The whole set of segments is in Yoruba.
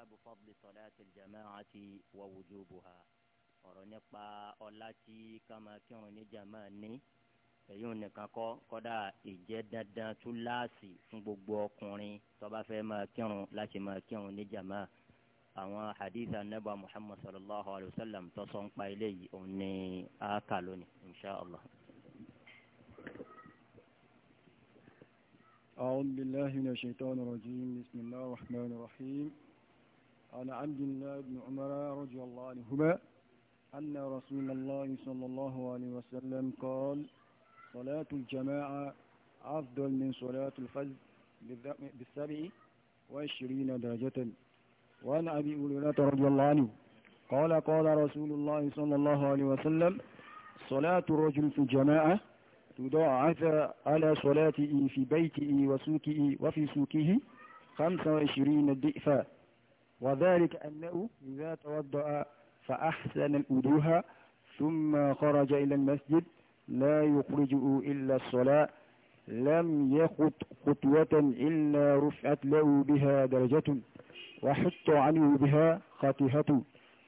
báàbù fadli salati al-jama'ati wa wujubuha ọ̀rọ̀ nípa ọlá tí ká máa kírun ní jàmá ní èyí ò nìkan kọ́ kọ́dà ìjẹ́ dandan tún láàsì fún gbogbo ọkùnrin tó bá fẹ́ máa kírun láti máa kírun ní jàmá àwọn hadith anabi muhammad sallallahu alayhi wa sallam tó sọ ń pa eléyìí òun ní àákà lónìí inshàlá. أعوذ بالله من الشيطان الرجيم بسم الله الرحمن الرحيم عن عبد الله بن عمر رضي الله عنهما أن رسول الله صلى الله عليه وسلم قال صلاة الجماعة أفضل من صلاة الفجر بالسبع وعشرين درجة وعن أبي أولولة رضي الله عنه قال قال رسول الله صلى الله عليه وسلم صلاة الرجل في الجماعة تضاعف على صلاته في بيته وسوكه وفي سوكه 25 ضعفا وذلك أنه إذا توضأ فأحسن الأدوها ثم خرج إلى المسجد لا يخرجه إلا الصلاة لم يخط خطوة إلا رفعت له بها درجة وحط عنه بها خطيئته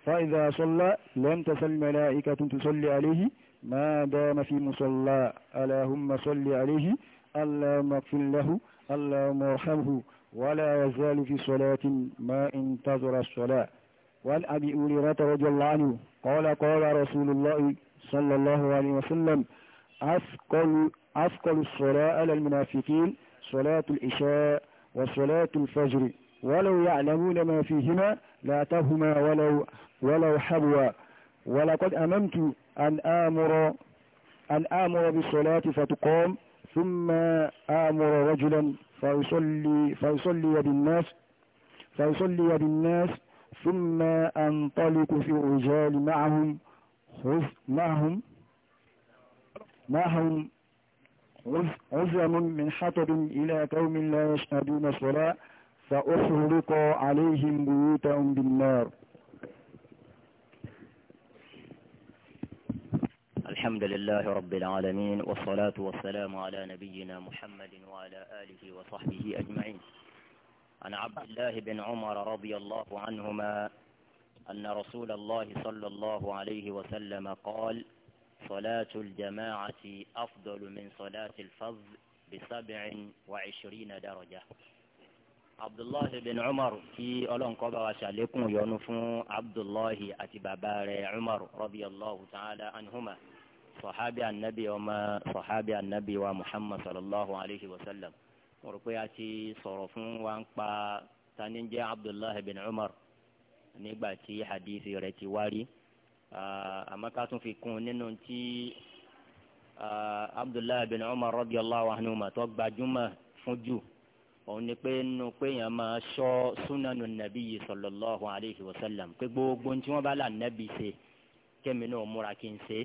فإذا صلى لم تسل ملائكة تصلي عليه ما دام في مصلى اللهم صلي عليه اللهم اغفر له اللهم ارحمه ولا يزال في صلاة ما انتظر الصلاة وعن أبي هريرة رضي الله عنه قال قال رسول الله صلى الله عليه وسلم أثقل أثقل الصلاة على المنافقين صلاة العشاء وصلاة الفجر ولو يعلمون ما فيهما تهما ولو ولو حبوا ولقد أممت أن آمر أن آمر بالصلاة فتقام ثم آمر رجلا فيصلي, فيصلي بالناس فيصلي بالناس ثم أنطلق في الرجال معهم خف معهم معهم عزم من حطب إلى قوم لا يشهدون الصلاة فأحرق عليهم بيوتهم بالنار الحمد لله رب العالمين والصلاة والسلام على نبينا محمد وعلى آله وصحبه أجمعين عن عبد الله بن عمر رضي الله عنهما أن رسول الله صلى الله عليه وسلم قال صلاة الجماعة أفضل من صلاة الفض بسبع وعشرين درجة عبد الله بن عمر في ألون قبا وشالكم ينفو عبد الله أتبابار عمر رضي الله تعالى عنهما sọ̀hábì ànábì ọmọ sọ̀hábì ànábì wa muhammad sallallahu alayhi wa sallam mo rò pé a ti sọ̀rọ̀ fún wa ń pa tani jẹ́ abdullahi bin umar nígbà tí hadithi rẹ̀ ti wárí àmọ́ ká tún fi kún nínú tí abdullahi bin umar radiyallahu anhu ma tó gbajúmọ̀ fún jù òun ni pé nínú pé èèyàn máa ṣọ́ súnánù nàbí yìí sallallahu alayhi wa sallam pé gbogbo tí wọ́n bá là nàbí ṣe kémi náà múra kí n ṣe é.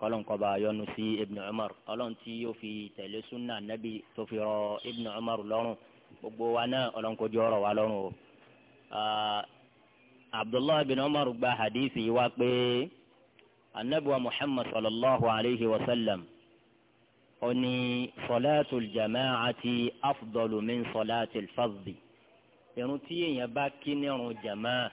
kọlọ́n kọba yọ́nú sí ibn umar ọlọ́n tí yóò fi tẹ̀lé sunna nabi tó fi rọ ibn umar lọ́rùn gbogbo wa náà ọlọ́n kó jọ ọ̀rọ̀ wa lọ́rùn o. abdullahi ibn umar gba hadithi wa pé anabi wa muhammad sallallahu alayhi wa sallam ó ní sọláàtul jamaacati afdalu min sọláàtul fadhi irun tí èèyàn bá kí nírun jamaa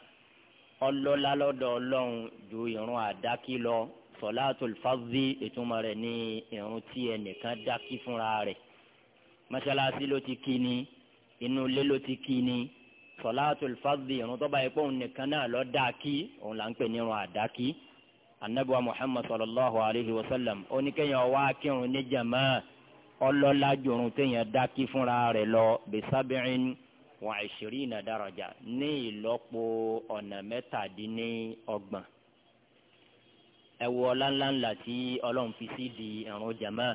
ọlọ́lá lọ́dọ̀ ju irun àdákí lọ sọláàtò fàzí ìtumọ̀ rẹ̀ ní irun tí ẹnìkan dákí fúnra rẹ̀ mọ́ṣáláṣí ló ti kí ni inú ilé ló ti kí ni sọláàtò fàzí irun tó bá yẹ pé òun nìkan náà lọ dá kí òun là ń pè ní irun àdákí anabiwa muhammad sallallahu alayhi wa sallam oníkẹyìn wá kírun ní jama ọlọ́lá jòrùn téèyàn dákí fúnra rẹ̀ lọ bisabi'in wa ishirina daraja ní ìlọ́po ọ̀nà mẹ́tàdínní ọgbọ̀n ẹ wọ ọláńláńlá tí ọlọ́run fi sí di ẹ̀rùn jàmá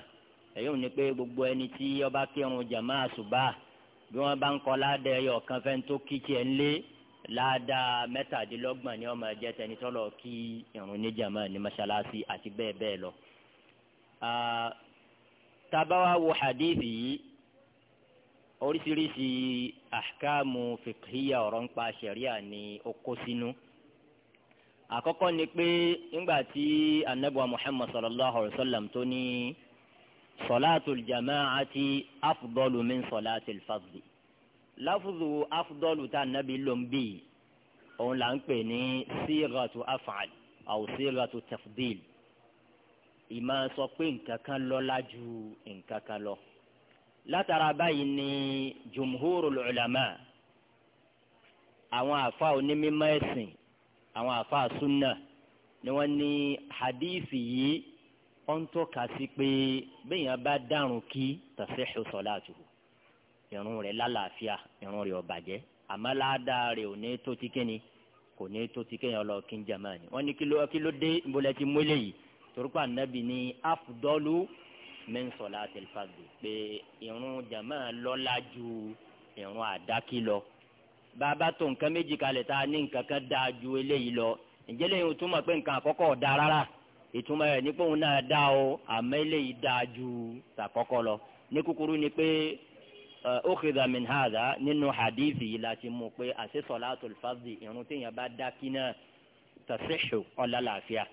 èyí ò ní pé gbogbo ẹni tí ọba kírun jàmá àṣùbà bí wọ́n bá ń kọ́ ládàá ẹyọ kan fẹ́ tó kí tiẹ̀ ń lé ládàá mẹ́tàdínlọ́gbọ̀n ni ọmọ ẹ̀jẹ̀ tẹni tọ́lọ̀ kí ẹ̀rùn ní jàmá ní mọ́ṣáláṣí àti bẹ́ẹ̀ bẹ́ẹ̀ lọ. tabawa wo hadith yìí oríṣiríṣi ahkamu fiqhiya ọ̀rọ̀ ń pa ṣẹ̀ríà ni ó kó sínú. Si àkọ́kọ́ ni pé nígbà tí anabuwa muhammad sallallahu alayhi wa sallam tó ní sọláàtul jamaati afudọ́lù min sọláàtil fadli láfùzù afudọ́lù tá anabi ló ń bì òun là ń pè ní sígàtú afal àwọn sígàtú tafdil ìmọ̀ sọ pé nǹkan kan lọ́lá ju nǹkan kan lọ látara báyìí ni jumhurul ulama àwọn àfa onímọ̀ ẹ̀sìn àwọn àfáà súnà ni wọ́n ní hadíìsì yìí ó ń tọ́ka sí pé béèyàn bá dárun kí tasihu salatuhu irun rẹ̀ lálàáfíà irun rẹ̀ ò bàjẹ́ àmọ́ ládàá rẹ̀ ò ní tó ti kíni kò ní tó ti kéèyàn lọ kí n jàmáà ni wọ́n ní kí ló dé ìbólẹ̀ ti mú eléyìí torípa nàbì ní afdọ́lù min salatil pé irun jàmáà lọ́lá ju irun àdákì lọ bàbá tó nǹkan méjì kalẹ̀ tá a ní nǹkan kan dáa ju eléyìí lọ ǹjẹ́ lẹ́yìn o túmọ̀ pé nǹkan àkọ́kọ́ dáa rárá ìtumọ̀ rẹ̀ ní pé òun náà dáa o àmọ́ eléyìí dáa ju tàkọ́kọ́ lọ ní kúkúrú ni pé ukhidha min hadha nínú hadithi yìí láti mú pé àṣẹ salatul fardhi irun téèyàn bá dá kí náà tasihhu ọ̀la làáfíà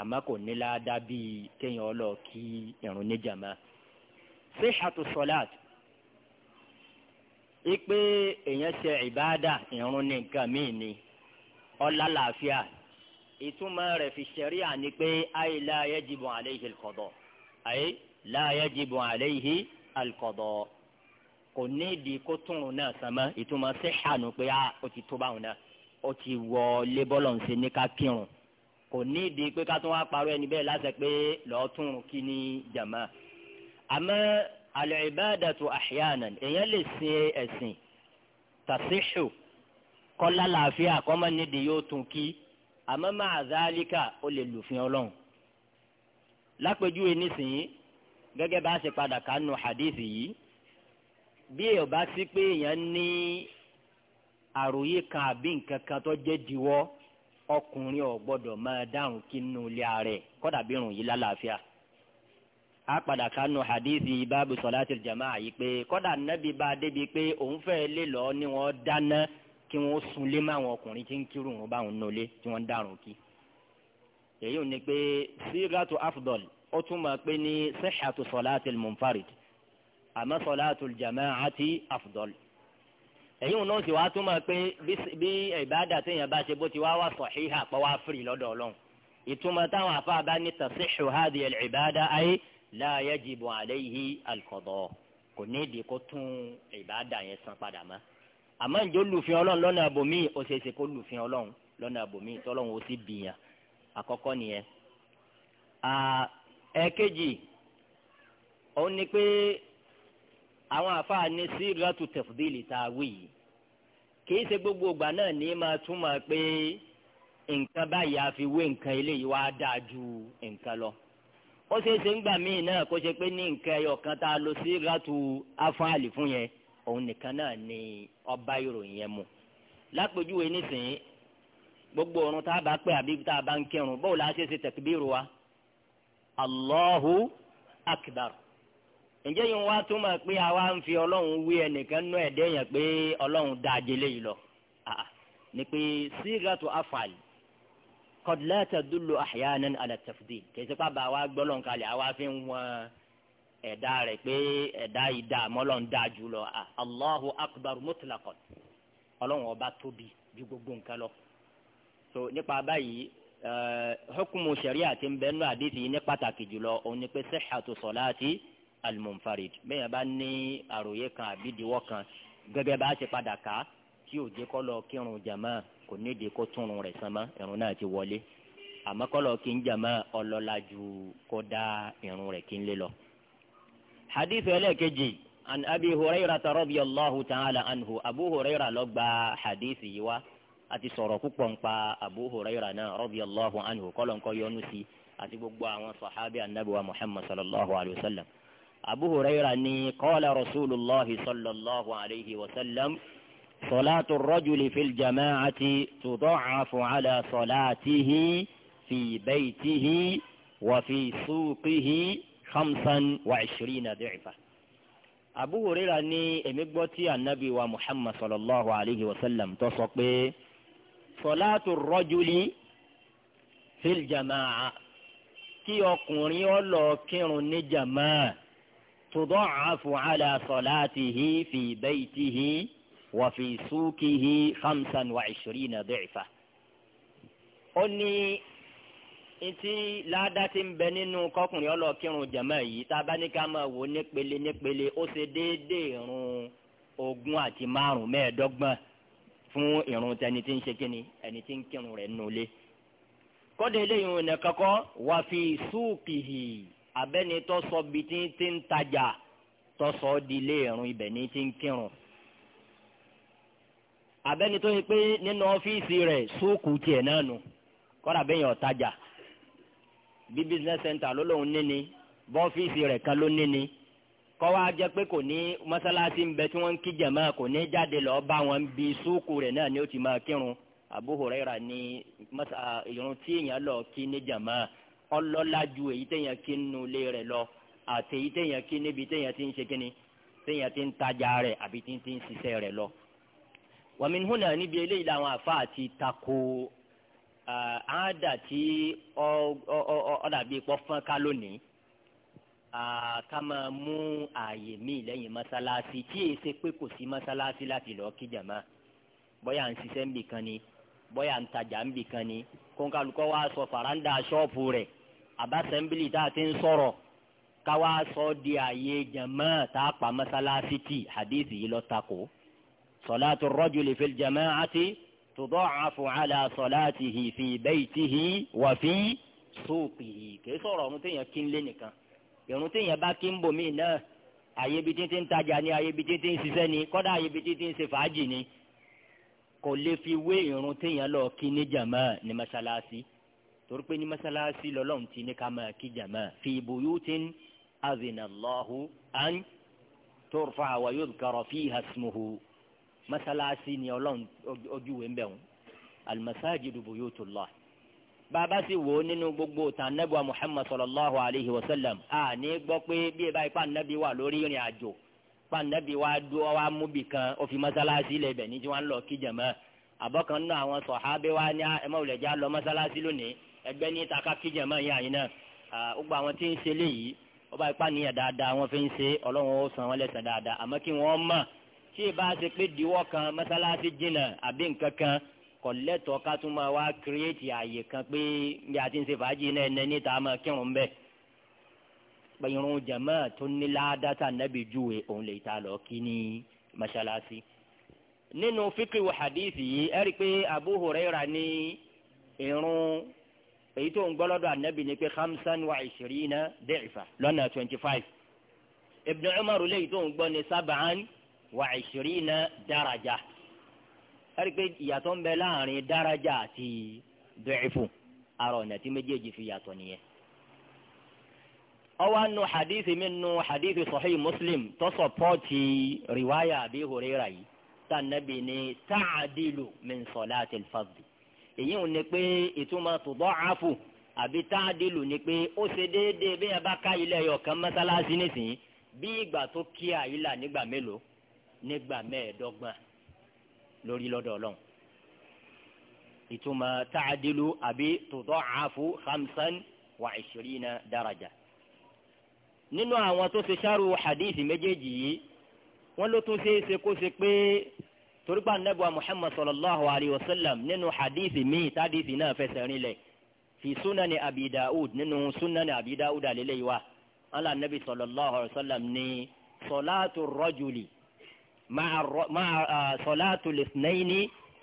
àmọ́ kò ní láadá bíi kéèyàn ọlọ́ọ̀ kí irun níjàmá sihhatu ipe èèyàn ṣe ìbáàdà ìrun ní nǹkan míì ni ọlá làáfíà ìtumọ̀ rẹ̀ fi ṣẹ̀ríà ni pé ayé la yajibu alayhi al-qada ayé la yajibu alayhi al-qada kò ní ìdí kó tún un náà sàmọ́ ìtumọ̀ sí ṣàánú pé a ah, ó ti tó báwọn náà ó ti wọ lébọ́lọ̀ ń ṣe ní ká kírun kò ní ìdí pé ká tún wá parọ́ ẹni bẹ́ẹ̀ láṣẹ pé lọ́ọ́ tún un kí ní jàmá àmọ́ al-ibadatu ahyanan èèyàn lè ṣe ẹ̀sìn tàṣíṣù kọ́lá làáfíà kọ́mọ nídìí yóò tún kí àmọ́ máa zálíkà ó lè lùfin ọlọ́run lápèjúwe nísìnyí gẹ́gẹ́ bá a ṣe padà kánú hadith yìí bí èèyàn bá sí pé èèyàn ní àròyé kan àbí nǹkan kan tó jẹ́ diwọ́ ọkùnrin ò máa dáhùn kí nínú ilé ààrẹ kọ́dà bí irun yìí lálàáfíà. La a padà kanu hadithi báàbù sọláàtì jamaa yìí pé kọ́dà nábì bá débi pé òun fẹ́ lé lọ ni wọ́n dáná kí wọ́n sunlé má àwọn ọkùnrin tí ń kírun wọn báwọn nọlé tí wọ́n ń dàrún kí. èyí ò ní pé sígàtú afdol ó tún máa pé ní sèhàtú sọláàtì munfarid àmọ́ sọláàtì jamaa àti afdol. èyí ò náà sì wá tún máa pé bí ìbáàdà téèyàn bá ṣe bó ti wá wá sọ̀híhà pọ̀ wá fìrì lọ́dọ̀ ọlọ́run ìtumọ̀ táwọn àfa la yajibu alayhi al-qada kò ní ìdí kó tún ìbáàdà yẹn san padà mọ́ àmọ́ ìjọ lùfin ọlọ́run lọ́nà àbòmí ó ṣe é ṣe kó lùfin ọlọ́run lọ́nà àbòmí tọ́lọ́run ó sì bìyàn àkọ́kọ́ nìyẹn. ẹ̀ẹ́kejì òun ni pé àwọn àfáà ní sígàtù tẹ̀fùdílì tá a wí yìí kì ṣe gbogbo ìgbà náà ní máa túmọ̀ pé nǹkan báyìí àfiwé nǹkan eléyìí wá dáa ju nǹkan lọ. ó seese ṣe ń gbà míì náà kó ṣe pé ní nǹkan ẹyọ kan tá a lo sí ratu afáàlì fún yẹn òun nìkan náà ni ọba ìròyìn yẹn mu lápèjúwe nísìnyí gbogbo ọ̀run tá a bá pè àbí tá a bá ń kírun báwo la ṣe ṣe tẹ̀kíbírù wa allahu akbar ǹjẹ́ yìí wá túmọ̀ pé àwa ń fi ọlọ́run wí ẹnìkan nú ẹ̀dẹ́ yẹn pé ọlọ́run dáa jẹ lọ pé sí ratu afáàlì qad la tadullu ahyanan ala tafdil kìí sẹ́pà bá wa gbọ́ lọ́n kalẹ̀ àwa fi ń wọ́n ẹ̀dá rẹ̀ pé ẹ̀dá yìí dá mọ́lọ́n dá jù lọ allahu akbar mutlaqan ọlọ́run ọba tóbi ju gbogbo nǹkan lọ. so nípa báyìí hukumu sharia ti ń bẹ nínú àdìsí yìí ní pàtàkì jùlọ òun ni pé sihhatu salati almunfarid bẹ́ẹ̀ bá ní àròyé kan àbí ìdíwọ́ kan gẹ́gẹ́ bá ti padà ká tí ò lọ kírun jàmáà kò nídìí kó túnrun rẹ̀ sánmọ́ irun náà ti wọlé àmọ́ kọ́lọ̀ kí n jàmọ́ ọlọ́lá ju kó dá irun rẹ̀ kí n lé lọ. hadith ẹlẹ́ẹ̀kejì an abi huraira ta rọ́bì allahu ta'ala anhu abu huraira ló gba hadith yìí wá àti sọ̀rọ̀ púpọ̀ nípa abu huraira náà rọ́bì allahu anhu kọ́lọ̀ ń yọnu sí àti gbogbo àwọn sọ̀hábì anabiwa muhammad sallallahu alayhi wa sallam abu huraira ni kọ́lá rasulillah sallallahu alayhi wa sallam. صلاة الرجل في الجماعة تضاعف على صلاته في بيته وفي سوقه خمسا وعشرين ضعفا Abu Hurairah ní èmi gbọ́ tí anabi wa Muhammad sallallahu alayhi wa sallam tó sọ pé sọláàtù rọ́júlì fil jamaa kí ọkùnrin ó lọ kírun ní jamaa tudọ́ọ̀fù ala sọláàtìhì fi baytihi wàfi súkìhì hamsan wa ìṣòrìnà dẹ́ẹ̀fà. ó ní etí láàdá ti ń bẹ nínú kọkùnrin ọlọ́kírun jẹ̀mọ́ yìí tá a bá ní ká máa wò nípele nípele ó ṣe déédéé irun ogún àti márùn mẹ́ẹ̀ẹ́dọ́gbọ̀n fún irun tẹni tí ń ṣe kíni ẹni tí ń kírun rẹ̀ nulẹ̀ kọ́dé eléyìí wọn nìkan kọ́ wà abẹ́ni tó bi tí ń tajà tó sọ di ibẹ̀ ní ti ń kírun abẹ́ni tó yẹ pé nínú ọ́fíìsì rẹ̀ sóòkù tiẹ̀ náà nù kọ́ra bẹ́yìn ọ̀tajà bí business center ló lóun níni bọ́fíìsì rẹ̀ kan ló níni kọ́ wa jẹ́ pé kò ní mọ́sálásí ń bẹ tí wọ́n ń kí jẹ̀mọ́ kò ní jáde lọ́ọ́ bá wọn bí sóòkù rẹ̀ náà ni ó ti máa kírun Abu ni ní irun tí èèyàn lọ kí ní jẹ̀mọ́ ọlọ́lá èyí téèyàn kí nínú ilé rẹ̀ lọ àti èyí téèyàn kí níbi téèyàn ti ń ṣe kíni téèyàn ti ń tajà rẹ̀ àbí ti ń ti ń ṣiṣẹ́ rẹ̀ lọ wàmí húnà níbi eléyìí làwọn àfáà ti tako uh, àádà tí ọ̀dàbí pọ̀ fún ká lónìí uh, ká máa mú ààyè míì lẹ́yìn mọ́sálásí tí èyí ṣe pé kò sí mọ́sálásí láti lọ́ọ́ kí jàmá bóyá à ń ṣiṣẹ́ ń bì kan ni bóyá à ń tajà ń bì kan ni kóńkálukọ́ wa sọ fàráńdà ṣọ́ọ̀pù rẹ̀ àbásẹ́ńbìlì tá a ti ń sọ̀rọ̀ ká wá sọ di ààyè jàmá tá a pa mọ́sálásí tì hadith yìí ló tako. صلاة الرجل في الجماعة تضاعف على صلاته في بيته وفي سوقه kìí sọ̀rọ̀ متن téèyàn لنك ń lé nìkan ìrun téèyàn bá kí ń bò míì náà àyè ibi títí ń tajà ni àyè ibi títí ń ṣiṣẹ́ ni kọ́dà àyè ibi títí ń ṣe fàájì ni kò lè fi wé ìrun téèyàn lọ kí ní jàmá ní mọ́ṣáláṣí torí pé ní mọ́ṣáláṣí lọ́lọ́run ti ní ká máa kí jàmá fi buyutin azina Allahu an turfa wa yudhkara fiha ismuhu mọ́sálásí ni ọlọ́run ojúwe ń bẹ̀ wọn alimasajidu buyutullah bàbá sì wò ó nínú gbogbo tàn nẹ́bùà muhammad sallallahu alayhi wa sallam a ní gbọ́ pé bí ẹ báyìí pàǹdàbí wà lórí ìrìn àjò pàǹdàbí wà dúró wà mú bì kan ó fi mọ́sálásí lẹ̀ bẹ̀ ní tí wọ́n ń lọ kí jàmá àbọ̀kan náà àwọn sọ̀hábẹ́ wa ní ẹ̀mọ́wùlẹ̀já lọ mọ́sálásí lónìí ẹgbẹ́ ní taka kí jàmá yẹn àyìn náà gbogbo àwọn tí ń ṣe léyìí ọba ìpànìyàn dáadáa wọn fi ń ṣe ọlọ́run ó san wọn lẹ́sàn dáadáa tí ì bá ṣe pé diwọ́ kan mọ́sálásí jìnnà àbí nǹkan kan kò lẹ́tọ̀ọ́ ká tún máa wá kírẹ́ẹ̀tì àyè kan pé bí a ti ń ṣe fàájì náà ẹnẹ níta máa kírun bẹ́ẹ̀ pẹ̀yìrún jẹ̀mọ́ tó ní ládàtà nẹ́bí júwe òun lè ta lọ kí ní mọ́sálásí. nínú fíkì wà yìí ẹ rí i pé Abu Huraira ní irun èyí tó ń gbọ́ lọ́dọ̀ ànábì ni pé hamsan wa ishirina dẹ́ẹ̀fà lọ́nà twenty five Ibn Umar léyìí tó ń gbọ́ ní sábàán wà ìṣirínà daraja ẹ̀rí pé ìyàtọ̀ ń bẹ láàrin daraja àti dẹ́ẹ̀fù ara ọ̀nà tí méjèèjì fi yàtọ̀ nìyẹn. ọwọ́ nu hadithi mi nu hadithi sahih muslim tó sọpọ́ọ̀tì riwaya àbí hurera yìí tá nàbì ni ta'adilu min salatil fadhi èyí ò ní pé ìtumọ̀ tuda'afu àbí táàdìlù ni pé ó ṣe déédéé bí ẹ bá ká ilé ẹyọ kan mọ́sálásí nísìnyí bí ìgbà tó kí àyílà nígbà mélòó nígbà mẹ́ẹ̀ẹ́dọ́gbọ̀n lórí lọ́dọ̀ ọlọ́run ìtumọ̀ ta'adilu àbí tuda'afu hamsan wa ishirina daraja nínú àwọn tó ṣe ṣáàrù hadith méjèèjì yìí wọ́n ló tún ṣeé ṣe kó ṣe pé torípa nẹ́gbà muhammad sallallahu alayhi wa sallam nínú hadith míì tádìsí náà fẹsẹ̀ rinlẹ̀ fi sunani abi daud nínú sunani abi daud àlélẹ́yìí wa ala nabi sallallahu alayhi wa sallam ní salatu rajuli máa sọ̀láàtù lẹ́sìnẹ́yìnì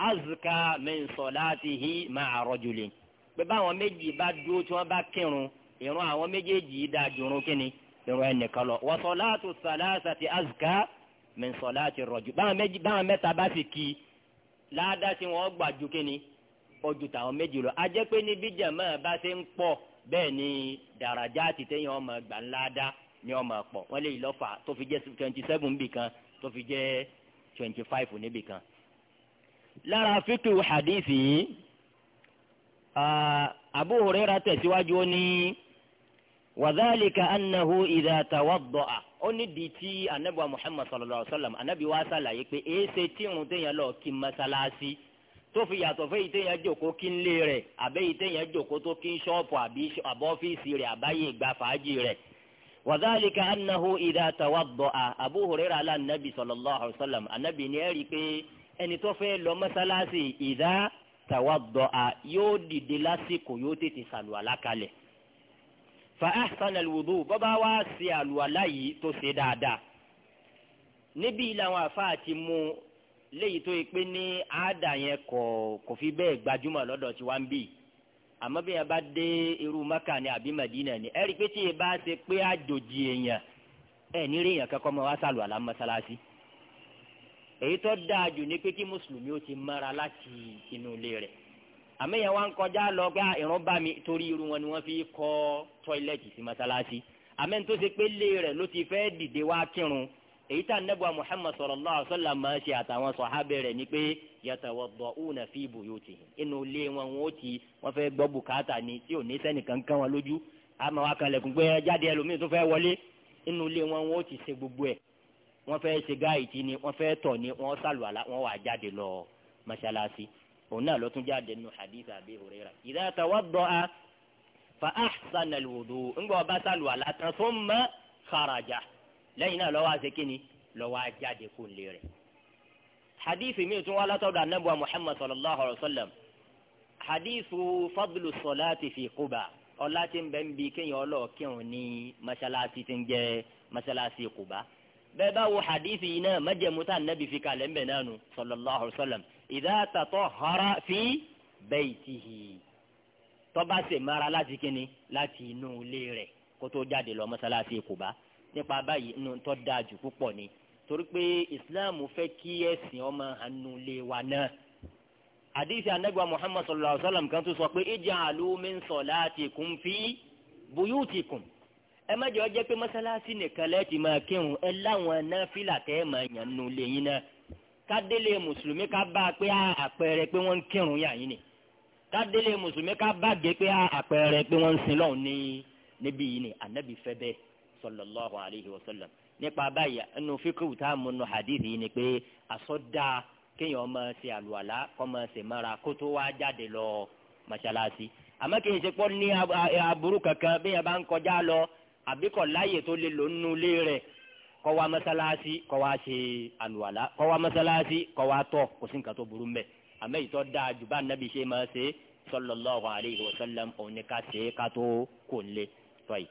azùká min sọ̀láàtìhì máa rọ́jùlẹ̀. pé báwọn méjì bá dúró tí wọ́n bá kírun ìrun àwọn méjèèjì dáa jùrún kínni ìrun ẹnìkan lọ. wọ́n sọ̀láàtù sàlásàtì azùká min sọ̀láàtì rọ́jù. báwọn mẹ́ta bá sì kí ládàá tí wọ́n gbà ju kínni ojú tàwọn méjì lọ. a jẹ́ pé níbi jàmáà bá ṣe ń pọ̀ bẹ́ẹ̀ ni dàrájà àti téèyàn ọmọ gbà ńlá dá ni ọmọ pọ̀ wọ́n lè lọ́fà tó fi jẹ́ twenty seven bì kan tó fi jẹ́ twenty five níbì kan. lára fíkìrù hadithi yìí Abu Huraira tẹ̀síwájú ó ní wàdálìkà annahu idha tawadda'a ó ní di ti anabiwa muhammad sallallahu alaihi wa sallam anabi wa sàlàyé pé èsè tí ń tẹ̀yàn lọ kí masalasi tó fi yàtọ̀ fẹ́ ìtẹ̀yàn jòkó kí ń lé rẹ̀ àbẹ́ ìtẹ̀yàn jòkó tó kí ń ṣọ́ọ̀pù àbí ọ́fíìsì rẹ̀ àbáyé ìgbà fàájì rẹ̀ وذلك أنه إذا توضأ أبو هريرة على النبي صلى الله عليه وسلم النبي نيري كي أن توفي لما سلاسي إذا توضأ يودي دلاسك يوتي تسالو لكالي فأحسن الوضوء بابا واسي الولاي تسيدادا níbí làwọn àfáà ti mú عدا يكو yẹ pé ní àádà yẹn kò àmọ́ bí yẹn bá dé irú maka ni àbí madina ni ẹ̀rí pé tí yẹn bá ṣe pé àjòjì èèyàn ẹ̀ ní èèyàn kankan mọ́ wá sàlù àlá mọ́sálásí èyí tó dáa jù ni pé kí mùsùlùmí ó ti mara láti inú ilé rẹ̀ àmọ́ yẹn wá ń kọjá lọ pé ìrún bá mi torí irú wọn ni wọ́n fi kọ́ tọ́ílẹ̀tì sí mọ́sálásí àmọ́ ní tó ṣe pé ilé rẹ̀ ló ti fẹ́ dìde wá kírun èyí tá nẹ́bù Muhammad sallallahu alaihi wasallam máa ṣe àtàwọn sọ̀hábẹ́ rẹ̀ ni pé yatawadda'una fi buyutihim inú ilé wọn wọn ó ti wọn fẹ́ gbọ́ bùkátà ni tí ò ní sẹ́nìkan kán wọn lójú àmọ́ wa kan lẹ̀kùn pé jáde ẹlòmíì tó fẹ́ wọlé inú ilé wọn wọn ó ti ṣe gbogbo ẹ̀ wọ́n fẹ́ ṣe gáàtì ni wọ́n fẹ́ tọ̀ ni wọ́n sàlùwàlà wọ́n wà jáde lọ mọ́ṣáláṣí òun náà ló tún jáde nù hadith Abi Hurayra idha tawadda'a fa ahsana al-wudu' ńgbọ́ ọba sàlùwàlà tán lẹ́yìn náà lọ́wọ́ àṣẹ kínní lọ́wọ́ àjáde kò lè rẹ̀. hadithi mi tún wá látọ̀dọ̀ anábùwà muhammad sallallahu alayhi wa sallam hadithu fadlu salati fi kuba ọlá tí ń bẹ ń bi kéèyàn ọlọ́ọ̀kẹ́hùn ní masalasi tí ń jẹ́ masalasi kuba bẹ́ẹ̀ bá wo hadithi yìí náà májẹ̀mútà nábì fi kalẹ̀ ńbẹ̀ náà nu sallallahu alayhi wa sallam idha tatahhara fi baytihi tó bá mara láti kíni láti inú ilé rẹ̀ kó tó masalasi kuba nípa báyìí inú tó dáa jù púpọ̀ ni torí pé islam fẹ́ kí ẹ̀sìn ọmọ ànulẹ̀ wa náà àdìsí anagba muhammad sallallahu alaihi wa sallam kan tó sọ pé ij'alu min salatikum fi buyutikum ẹ má jẹ́ ọ jẹ́ pé mọ́sálásí nìkan lẹ́ẹ̀tì máa kírun ẹ láwọn náfìlà tẹ́ ẹ máa yàn nù lẹ́yìn náà kádélé mùsùlùmí ká bá a pé àpẹẹrẹ pé wọ́n ń kírun yàn yín ni kádélé mùsùlùmí ká bá gé pé àpẹẹrẹ pé wọ́n ń sin lọ́hùn ní níbí yìí ni ànábì fẹ́ bẹ́ẹ̀ sallallahu alayhi wa sallam nípa báyìí ẹnu fíkìrù tá a mú nu hadith yìí ni pé àsọdá kéèyàn máa ṣe àlùwàlá kó máa ṣe mára kó tó wá jáde lọ mọ́ṣáláṣí àmọ́ kì í ṣe pọ́ ní aburú kankan bí yẹn bá ń kọjá lọ àbí kò láàyè tó lè lò nínú ilé rẹ̀ kó wá mọ́ṣáláṣí kó wá ṣe àlùwàlá kó wá mọ́ṣáláṣí kó wá tọ̀ kò sí nǹkan tó burú mbẹ̀ àmọ́ ìtọ́ dáa jù nàbì ṣe máa ṣe sallallahu alayhi wa sallam òun ni ká ṣe ká tó kò ń lé tọ́yìí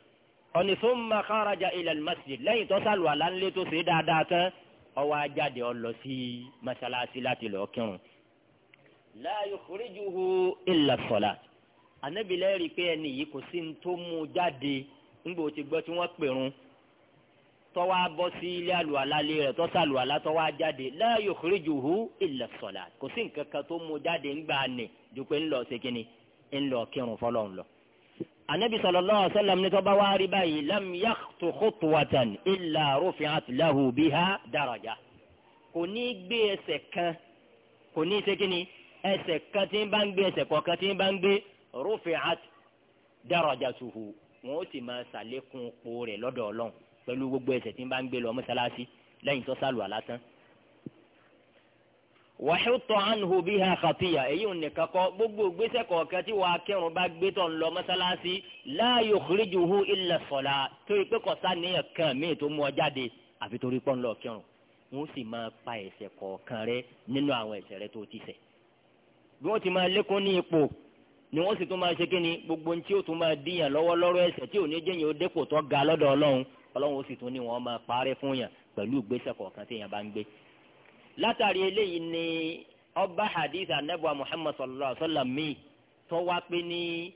ọ̀nì tó ń ma kárajà ilal masjid lẹ́yìn tó sálù àlánlé tó ṣe dáadáa tán ó wá jáde ó lọ sí masalasi láti lọ kírun. la yukhrijuhu illa salat anabi lẹ́rìí pé ẹni yìí kò sí ní tó mú jáde nígbà tí gbọ́ tí wọ́n pèrún tó bọ́ sí ilé àlùalá lé rẹ̀ tó sàlùalá tó wá jáde la yukhrijuhu illa salat kò sí nǹkan kan tó mú jáde ńgbà ní dùpẹ́ ńlọ anabi sallallahu alaihi wasallam ní tó bá wá rí báyìí lam yakhtu khutwatan illa rufi'at lahu biha daraja kò ní gbé ẹsẹ̀ kan kò ní ṣe kíni ẹsẹ̀ kan tí ń bá ń gbé ẹsẹ̀ kọ̀ọ̀kan tí ń bá ń gbé rufi'at darajatuhu wọn ó sì máa ṣàlékún po rẹ̀ lọ́dọ̀ ọlọ́run gbogbo ẹsẹ̀ tí ń bá ń gbé lọ mọ́sálásí lẹ́yìn tó sálù àlásán wàhùtọ̀ ànhù bí ha kàtíyà èyí ò nìkan kọ́ gbogbo gbèsè kọ̀ọ̀kan tí wàá kírun bá gbé tọ̀ ń lọ mọ́sálásí láàyò kìrìjùhù ilẹ̀ sọ̀la torí pé kọ̀sá níyàn kan míì tó mú ọ jáde àfi torí pọ́n lọ kírun wọ́n sì máa pa ẹ̀ṣẹ̀ kọ̀ọ̀kan rẹ nínú àwọn ẹ̀ṣẹ̀ rẹ tó ti ṣẹ̀. bí wọ́n ti máa lékún ní ipò ni wọ́n sì tún máa ṣe kíni gbogbo tí ó tún máa díyàn lọ́wọ́ lọ́rọ̀ ẹ̀ṣẹ̀ tí ò ní jẹ́yìn ó dépò tó ga lọ́dọ̀ ọlọ́run ọlọ́run ó sì tún ní wọ́n máa parẹ́ fún yàn pẹ̀lú ìgbésẹ̀ kọ̀ọ̀kan tí yàn bá ń gbé látàrí eléyìí ni ọba hadith anabuwa muhammad sallallahu alaihi wa sallam mi tó wá pé ní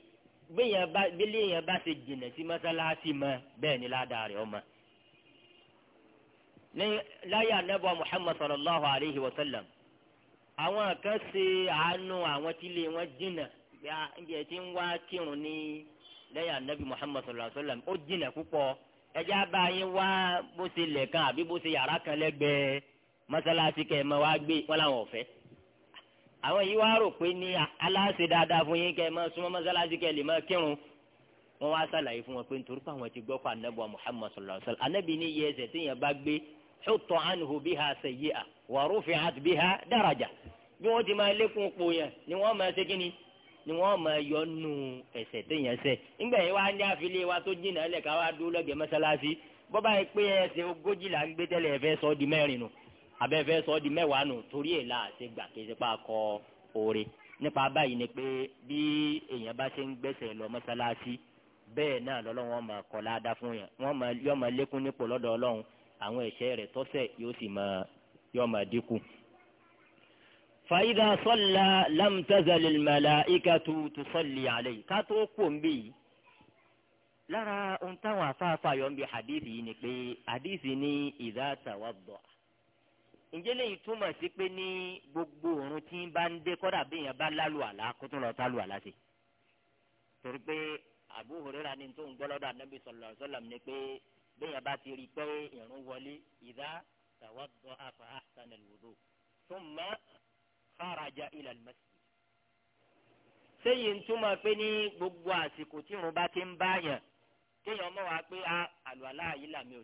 bẹ́yẹn yẹn bá ṣe jìnnà sí mọ́sálásí mọ́ bẹ́ẹ̀ ni ládàá ọmọ. ní alaihi wa sallam àwọn kan ṣe àánú àwọn tí wọn jìnnà bí a ń jẹ tí ń wá kírun ní lẹ́yìn anabi muhammad sallallahu alaihi wa sallam ó jìnnà púpọ̀ mọ́sálásí kẹ́ ẹ mọ́ wá gbé wọn làwọn ọ̀fẹ́ àwọn yìí wá rò pé ní aláṣẹ dáadáa fún yín kẹ́ ẹ mọ́ súnmọ́ mọ́sálásí kẹ́ ẹ lè mọ́ kírun wọn wá sàlàyé fún wọn pé nítorí pé àwọn ti gbọ́ fún anabi wa muhammad sallallahu alayhi wa sallam anabi ní iye ẹsẹ̀ tí yẹn bá gbé hutu anhu biha sayyi'a wa rufi'at biha daraja bí wọ́n ti máa lékún po yẹn ni wọ́n máa ṣe kíni ni wọ́n máa yọ nù ẹsẹ̀ tí yẹn ṣẹ̀ ńgbà yẹn wá ní àfilé wa tó jìnnà ẹlẹ́ka wá dúró lẹ́gbẹ̀ẹ́ mọ́sálásí bọ́bá yẹn pé ẹsẹ̀ ogójì gbé tẹ́lẹ̀ ẹ̀fẹ́ sọ di mẹ́rin nù abẹ́fẹ́ sọ di mẹ́wàá nù torí ẹ̀ la ṣe gbà kí ṣepá kọ oore nípa báyìí ni pé bí èèyàn bá ṣe ń gbẹ́sẹ̀ lọ mọ́sálásí bẹ́ẹ̀ náà lọ́lọ́run wọn máa kọ́ láadá fún yẹn wọ́n máa yọ máa lékún nípò lọ́dọ̀ ọlọ́run àwọn ẹ̀ṣẹ̀ rẹ̀ tọ́sẹ̀ yóò sì máa yọ máa dínkù. fàyídà sọ́là lámtazàlì màlà ìkàtú tó sọ́lì àlẹ́ yìí ká tó kù ń bì yìí. lára ohun táwọn afáfáà ń bi hadithi yìí ni pé hadithi ní ìdá tawadda ǹjẹ́ lẹ́yìn túmọ̀ sí pé ní gbogbo òrùn tí ń bá ń dé kọ́dà bí èèyàn bá lálù àlá kó tún lọ sálù àlá sí. torí pé Abu Hurairah ni tó ń gbọ́ lọ́dọ̀ anábì sallallahu alaihi wasallam ni pé bẹ́ẹ̀yàn bá ti rí i pé ìrún wọlé idha tawadda'a fa ahsana al-wudu thumma kharaja ila al-masjid. sẹ́yìn túmọ̀ pé ní gbogbo àsìkò tí irun bá ti ń báyàn kéèyàn mọ̀ wá pé ah, àlùwàlá yìí làmì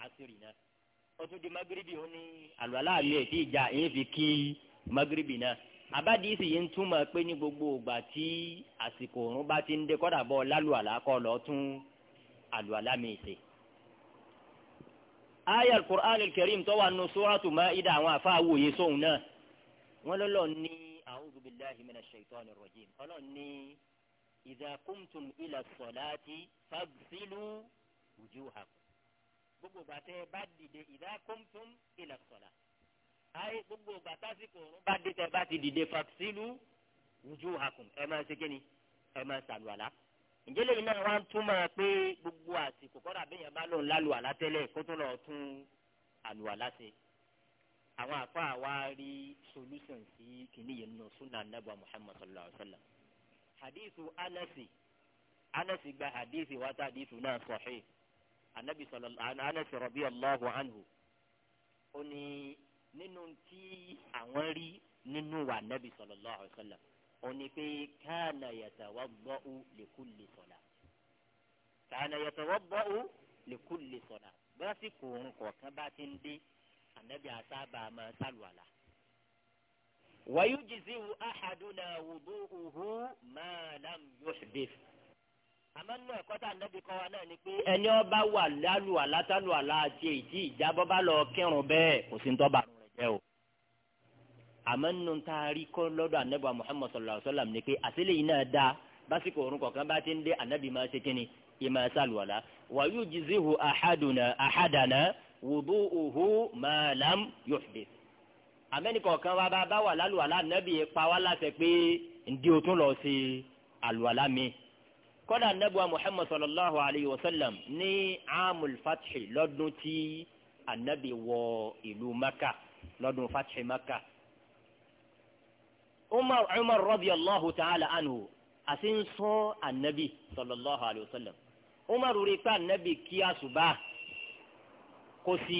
asiri náà ó tún di magiribi ó ní àlùwàlá mi ẹ̀ tí ìjà èyí fi kí magiribi náà abadisi yìí ń túmọ̀ pé ní gbogbo ìgbà tí àsìkò òrùn bá ti ń dé kọ́dà bọ́ lálùwàlá kọ́ lọ tún àlùwàlá mi ṣe. aya al-Qur'an tó wà nù suratu Maida àwọn àfáàwòye sóhun náà wọ́n lọ́lọ́ ní a'udhu billahi minash shaitanir rajim ọlọ́run ní idha qumtum ila salati faghsilu wujuhakum gbogbo gbàtẹ bá dìde ìdá kọ́mtọ́m ilẹ̀ sọ̀la. ayé gbogbo gbàtà sí kò rún bá dìde bá ti dìde fàksílù wùjú hakùn ẹ máa ṣe kíni ẹ máa ṣàlùwàlá. ǹjẹ́ lẹ́yìn náà wá ń túmọ̀ pé gbogbo àsìkò kọ́dà bẹ́ẹ̀ yẹn bá lòun lálùwàlá tẹ́lẹ̀ kó tó lọ́ọ́ tún àlùwàlá ṣe. àwọn àfa wa rí solution sí kìnìyẹn nù sunna anabu muhammad sallallahu alaihi wa sallam. hadithu anasi anasi gba hadithu wa hadithu náà sahih anabi sallallahu anas radiyallahu anhu ó ní nínú tí àwọn rí nínú wa anabi sallallahu alayhi wa sallam ó ní pé kana yatawadda'u likulli salat kana yatawadda'u likulli salat básìkò òun kọ̀ọ̀kan bá ti ń dé anabi asábà máa sálùwàlà. wa yujzi'u ahaduna wudu'uhu ma lam yuhdith àmọ́ nínú ẹ̀kọ́ tá à nẹ́bi kọ́ wa náà ni pé ẹni ọba wà lálù àlátálù àlàájẹ ìdí ìjábọ́ bá lọ kírun bẹ́ẹ̀ kò sí ń tọ́ bàrún rẹ̀ jẹ́ o. àmọ́ nínú tá a rí kọ́ lọ́dọ̀ ànẹ́bà Muhammad sallallahu alayhi wa sallam ni pé àtìlẹ́ yìí náà dá básìkò òórùn kọ̀ọ̀kan bá ti ń dé ànẹ́bì máa ṣe kíni ìmọ̀ ṣàlùwàlá wà lálù àlá ànẹ́bì pa wá láṣẹ pé ǹdí o tún kọ́dà anabiwa muhammad sallallahu alayhi wa sallam ní amul fathi lọ́dún tí anabi wọ ìlú maka lọ́dún fathi maka umar umar radiyallahu ta'ala anhu àti ń sọ anabi sallallahu alayhi wa sallam umar rí pé anabi kí àsùbá kò sí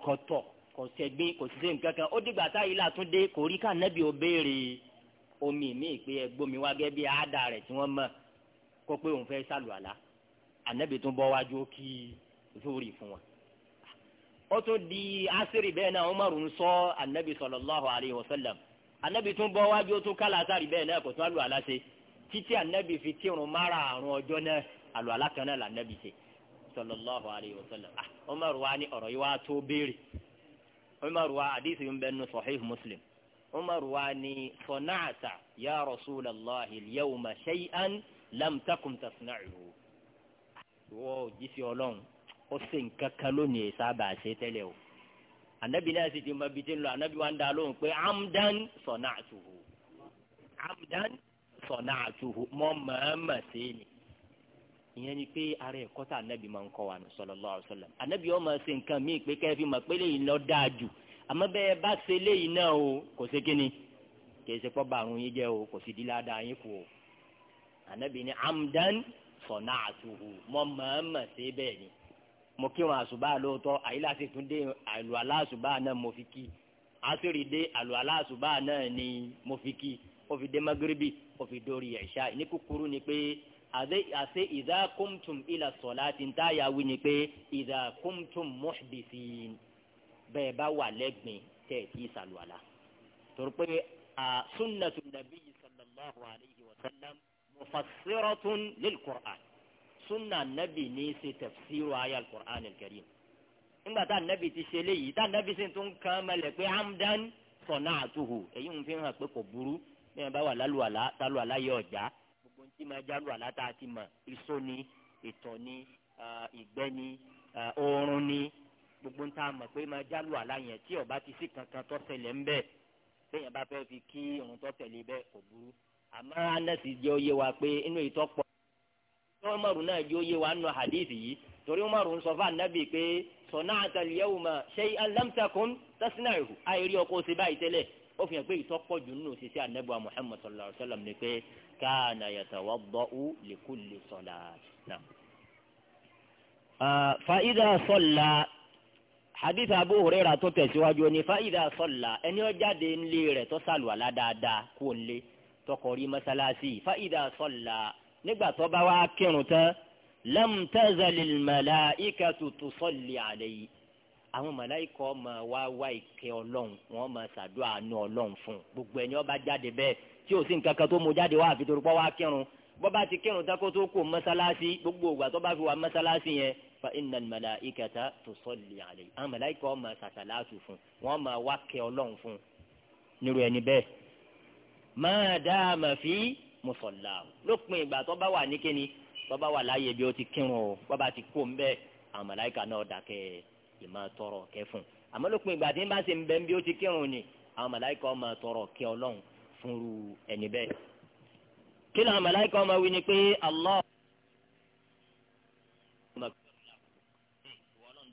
kọ̀tọ̀ kò sẹ́gbẹ́ kò sí nǹkan kan ó dìgbà táyì látúndé kò rí ká anabi ó béèrè omi mi pé ẹgbómi wá gẹ́gẹ́ bí àádá rẹ̀ tí wọ́n mọ̀ kó pé òun fẹ́ ṣàlùwàlá ànábì tún bọ́ wájú kí zórí fún wa. ó tún di asiri bẹ́ẹ̀ náà umaru ń sọ ànábì sallallahu alayhi wa sallam ànábì tún bọ́ wájú ó tún kálá asari bẹ́ẹ̀ náà kò tún àlùwàlá ṣe títí ànábì fi kírun márààrún ọjọ́ náà àlùwàlá kan náà lànábì ṣe sallallahu alayhi wa sallam ah umaru wa ni ọ̀rọ̀ yìí wá tó béèrè umaru wa hadisi yìí ń wa ni sọnaata ya rasulallah al-yawma shay'an lamtakun tasinaru wọ jísé Ọlọ́run ó ṣe nǹkan kan lónìí sábà ṣe tẹ́lẹ̀ o anabi náà sì ti mọ ibi tí ń lọ anabi wa ń da lóhùn pé amdan sọnàtuhu amdan sọnàtuhu mọ màmá sí ni ìyẹn ni pé ara ẹ̀kọ́ tá anabi máa ń kọ́ wa ní sallallahu alaihi wasallam anabi ọmọ ṣe nǹkan míì pé kẹ́ẹ́ fi mọ̀ pé léyìn lọ dáa jù àmọ́ bẹ́ẹ̀ bá ṣe léyìn náà o kò ṣe kí ni kì í ṣe pọ́ bàrún yín jẹ́ o kò sì di ládàá yín kù o anabi ni amdan sọ̀nà àtúhù mọ màmá ṣe bẹ́ẹ̀ ni mo kírun àṣùbà lóòótọ́ àyílá sì tún dé àlù aláṣùbà náà mo fi kí asiri dé àlù aláṣùbà náà ni mo fi kí ó fi dé magiribi ó fi dórí ẹ̀ṣá ní kúkúrú ni pé àṣe ìdá kúmtùm ìlà sọ̀láti ń táyà wí ni pé ìdá kúmtùm muhdisin bẹ́ẹ̀ bá wà lẹ́gbìn tẹ̀ kí sàlùwàlà torí pé sunnatu nabi sallallahu alayhi wa sallam mufassiratun lil qur'an sunna nabi ní í ṣe tafsiru aya qur'an al-karim nígbà tá nabi ti ṣe léyìí tá nabi sì tún kàn mẹlẹ pé amdan sana'atuhu èyí ń fi hàn pé kò burú bí wọn bá wà lálùwàlá tálùwàlá yẹ ọjà gbogbo ní tí máa já lùwàlá tá ti mọ iṣó ni ìtọ̀ ni ni gbogbo ń tá a mọ̀ pé máa já lùwàlá yẹn tí ti sí kankan tó ṣẹlẹ̀ ń bẹ́ẹ̀ yẹn bá fẹ́ fi kí irun tó tẹ̀lé bẹ́ẹ̀ kò burú àmọ́ anẹ́sì jẹ́ oyé wa pé inú ìtọ́ pọ̀ tí Umaru náà jẹ́ oyé wa nù hadith yìí torí Umaru ń sọ fún anabi pé sana'ata al-yawma shay'an lam takun tasna'uhu àìrí ọkọ̀ ṣe báyìí tẹ́lẹ̀ ó fi hàn pé ìtọ́ pọ̀ jù nínú ṣiṣẹ́ anabi wa Muhammad sallallahu alayhi wa sallam ni pé kana yatawadda'u li kulli salat náà. fa'idha salla hadith abu huraira tó tẹ̀síwájú ni fa'idha salla ẹni ó tọkọ rí mọ́sálásí fáìdà sọ̀là nígbà tó bá wá kírun tán lam tazalil malaikatu tusalli alayhi àwọn màláìkà ọmọ wa wá ìkẹ́ ọlọ́run wọn máa ṣàdúrà àánú ọlọ́run fún gbogbo ẹni ó bá jáde bẹ́ẹ̀ tí ò sí nǹkan kan tó mú jáde wá àfi pọ́ wá kírun bọ́ bá ti kírun tako tó kó mọ́sálásí gbogbo ìgbà tó bá fi wà mọ́sálásí yẹn fa innal malaikata tusalli alayhi àwọn màláìkà ọmọ ṣàṣàlásù fún wọn máa wá máa dá a mà fi mùsọ̀lá lópin ìgbà tó bá wà ní kíni tó bá wà láàyè bí ó ti kírun o bó bá ti kó ń bẹ́ẹ̀ àwọn màláìka náà dákẹ́ ìmọ̀ tọrọ kẹ fún àmọ́ lópin ìgbà tí ń bá ṣe ń bẹ́ẹ̀ bí ó ti kírun ni àwọn màláìka ọmọ tọrọ kẹ ọlọ́run fúnru ẹni bẹ́ẹ̀ kí làwọn màláìka ọmọ wí ni pé Allah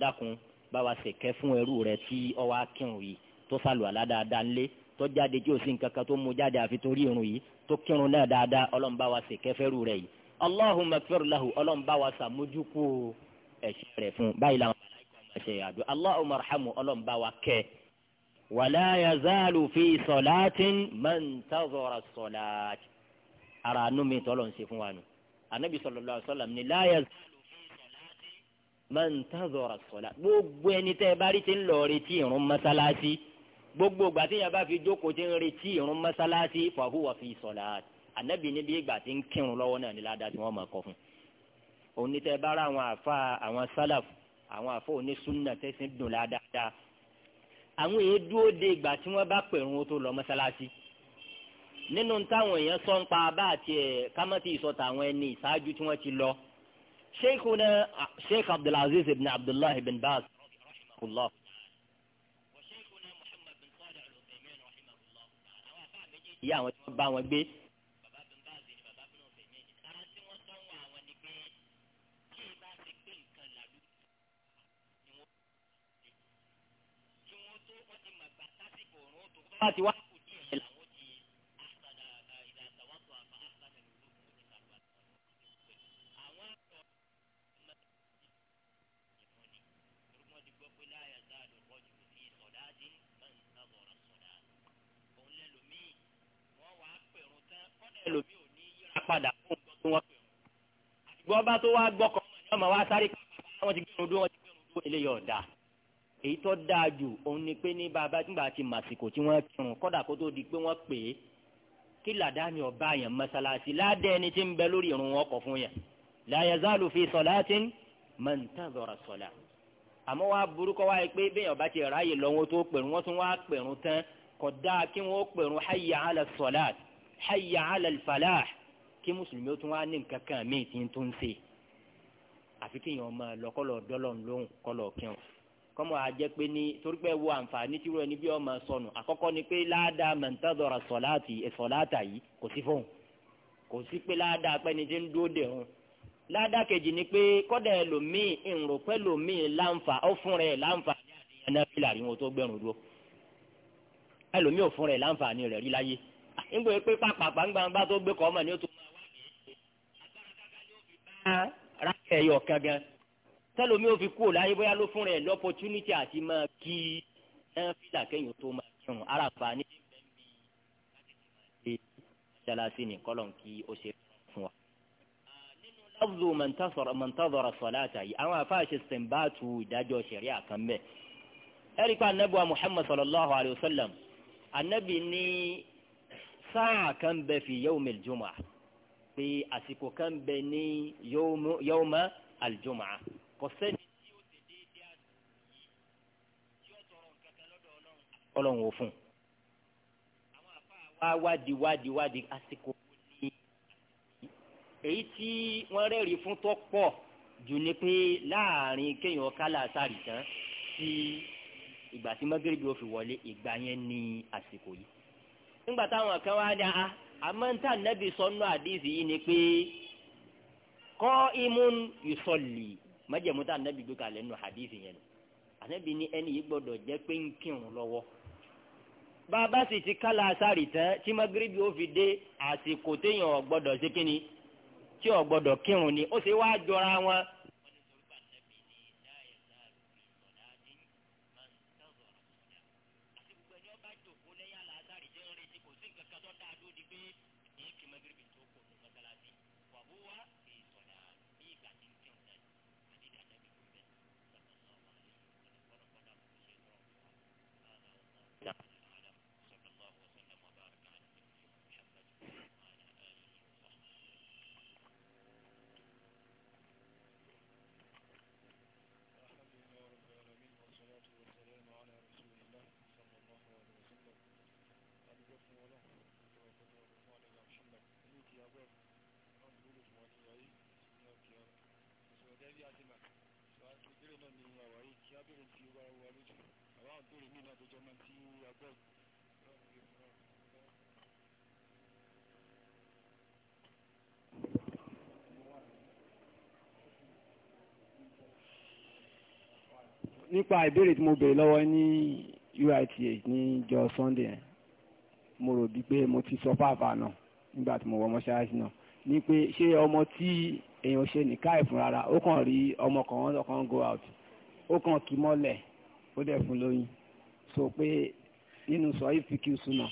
dákun bá wa ṣe kẹ fún ẹrú rẹ tí ọwọ́ akírun yìí tó sàlù àládàáda ńlẹ́ tó jáde tí o sì nǹkan kan tó mú jáde àfi torí irun yìí tó kírun náà dáadáa ọlọ́run bá wa ṣe kẹfẹ́rù rẹ̀ yìí allahumma ighfir lahu ọlọ́run bá wa ṣàmójúkú ẹ̀ṣẹ̀ rẹ̀ fún báyìí làwọn ẹ̀ṣẹ̀ àdó allahumma arhamu ọlọ́run bá wa kẹ́ wala yazalu fi salatin man tazara salat ara anú mi tọ́lọ̀ ń ṣe fún wa nù anabi sallallahu gbogbo ìgbà tí yẹn bá fi jókòó tí ń retí irun mọ́sálásí fahuwa fi salat ànábì níbi ìgbà tí ń kírun lọ́wọ́ náà ní ládàá tí wọ́n máa kọ fún un òun ní tẹ́ bá rà àwọn àfa àwọn sálàf àwọn àfọ onísúnà tẹ́sí dùn ládàá àwọn èyí dúró de ìgbà tí wọ́n bá pèrún tó lọ mọ́sálásí nínú táwọn èèyàn sọ ń pa bá àti ẹ̀ kámẹ́tì ìsọ̀tà àwọn ẹni ìṣáájú tí wọ́n ti lọ sheikhuna sheikh abdulaziz ibn abdullahi ibn baz rahimahullah ìyá àwọn tí wọ́n bá wọn gbé. bá wá padà fún nǹkan tí wọ́n pè wọ́n. àtìgbọ́ bá tó wá gbọ́ kan ní ọmọ wa sáré káàkiri wọ́n ti gbẹ̀rún dúró wọ́n ti gbẹ̀rún dúró eléyìí ọ̀dà. èyí tó dáa jù òun ni pé ní bàbá nígbà tí màsìkò tí wọ́n kírun kọ́dà kó tó di pé wọ́n pè é kí làdáni ọba yẹn mọ́sálásí ládẹ́ ẹni tí ń bẹ lórí ìrun wọn kọ̀ fún yẹn. la yazalu fi salatin man tazara sọ̀lá. àmọ́ wá burúkọ wáyé pé bẹ́ẹ̀ ọba ti ráàyè lọ́wọ́ tó pèrún wọ́n tún wá pèrún tán kódà kí wọ́n pèrún hayya ala salat hayya ala falah kí mùsùlùmí ó tún wá ní nǹkan kan míì tí ń tún ṣe àfi kéèyàn máa lọ kọlọ dọlọ lóhùn kọlọ kẹun kọmọ àjẹ pé ní torí pé wo àǹfààní tí wọn ní bí ọmọ sọnù àkọ́kọ́ ni pé láàdá mẹńtàdọrà sọláàtì ẹsọláàtà eh, yìí kò sí fóun kò sí pé láàdá pẹni tí ń dúró dè hàn láàdá kejì ni pé kọdà ẹlòmíì ìrùn pẹlòmíì láǹfà ó fún rẹ láǹfà ní àdéhùn náà fìlà rí wọn tó gbẹrùn dúró ẹlòmíì ò rẹ láǹfà ní rẹ rí láyé nígbà pé pàpàpà ńgbàǹgbà tó gbé kọ́ ọmọ ni ó tó mọ rákà ẹyọ kan gan tẹlomi ò fi kú láyé bóyá ló fún rẹ lọpọtúnítì àti máa kí ẹnfìlà kẹyìn tó máa kírun aráàfà ní ṣàlàsì ní kọlọ̀ kí ó ṣe fún wa. nínú lafzu mọ̀ntàzọ̀rọ̀ sọ̀láàtà yìí àwọn afáàṣẹ sẹ̀ǹbàtù ìdájọ́ ṣẹ̀ríà kan bẹ̀. ẹ̀rí pa anabi wa muhammad sallallahu alayhi wa sallam anabi ní sáà kan bẹ fi yawmil jumu'ah pé àsìkò kan ń bẹ ní yawma al-jum'ah kò sẹ́ni tí ó ṣe déédé àdúgbò yìí tí ó tọrọ nǹkan kan lọ́dọ̀ ọlọ́run ọlọ́run ò fún un. àwọn àfa wa wádìí wádìí wádìí àsìkò wo ni èyí tí wọ́n rẹ́rìí fún tó pọ̀ jù ni pé láàrin kéèyàn kálá sáré tán sí ìgbà tí mọ́gẹ́rẹ́bí ó fi wọlé ìgbà yẹn ní àsìkò yìí. nígbà táwọn kan wá dá a ah, amanta nabi sọnù àdìsí yìí ni pé kọ́ imun yusọ̀lì majamuta nabi gbé kalẹ̀ nù àdìsí yẹn anabi ni ẹni yìí gbọ́dọ̀ jẹ́ pé ń kírun lọ́wọ́ bàbá sì ti kálá asárì tán tí magrebi ó fi dé àsìkò téèyàn ò gbọ́dọ̀ ṣe tí ò gbọ́dọ̀ ni ó ṣe wá jọra wọn wá béèrè mí náà tó jẹ́ mọ́ tí ọgbẹ́ yìí. nípa ìbéèrè tí mo béèrè lọ́wọ́ ní UITH ní jọ Sunday yẹn mo rò bíi pé mo ti sọ fáfá náà nígbà tí mo wọ mọ́ṣáláṣí náà ni pé ṣé ọmọ tí èèyàn ṣe nìka ìfún rárá ó kàn rí ọmọ kan wọn go out ó kàn kí mọ́lẹ̀ ó dẹ̀ fún lóyún so pé nínú sọ ifq sunna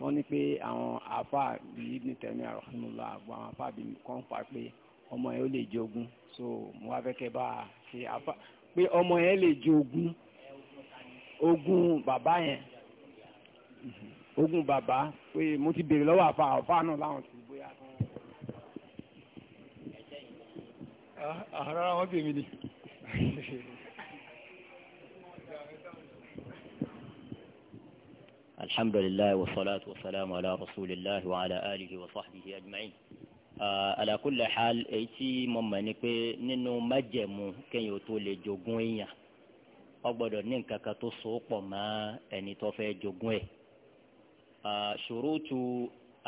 wọ́n ní pé àwọn àfa yìí ní tẹ̀mí àròhìnmùlá àgbà àwọn àfa bí kan fà pé ọmọ yẹn ó lè jogún so mo wá fẹ́ kẹ́ bá a ṣe àfa pé ọmọ yẹn lè jogún ogún bàbá yẹn ogún bàbá pé mo ti béèrè lọ́wọ́ àfa àfa náà láwọn ti bóyá. àrà wọn bèmí ni. الحمد لله والصلاة والسلام على رسول الله وعلى آله وصحبه أجمعين على كل حال èyí mo mọ̀ ni pé nínú májẹ̀mú kéèyàn tó lè jogún èèyàn ó gbọ́dọ̀ ní nǹkan kan tó so pọ̀ mọ́ ẹni tó fẹ́ jogún ẹ̀ ṣurutu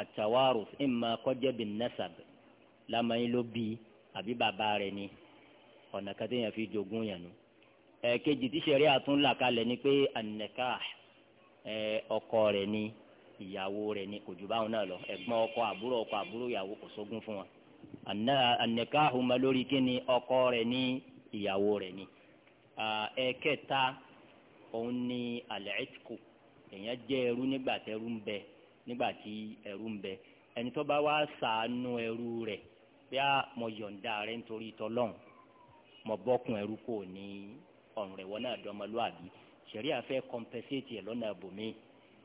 at-tawaruth imma kó jẹ́ bin nasab lámàyín ló bí àbí bàbá rẹ̀ ni ọ̀nà kan téèyàn fi jogún yẹn nu ẹ̀ẹ̀kejì tíṣẹ̀rí àtúnlà kalẹ̀ ni pé an-nikah ọkọ rẹ ni ìyàwó rẹ ni kò jù báwọn náà lọ ẹgbọn ọkọ àbúrò ọkọ àbúrò ìyàwó kò sógun fún wọn ahụ ma lórí kíni ọkọ rẹ ni ìyàwó rẹ ni òun ni èèyàn ẹrú nígbà tí ẹrú ń bẹ nígbà tí ẹrú ń bẹ ẹni tó bá wá sàánú ẹrú bí a mọ yọ̀ǹda rẹ̀ nítorí tọ́lọ́hún mọ bọ́kùn ẹrú kò ní ọ̀rùn sẹ̀ríà fẹ́ compensate ẹ̀ lọ́nà àbòmí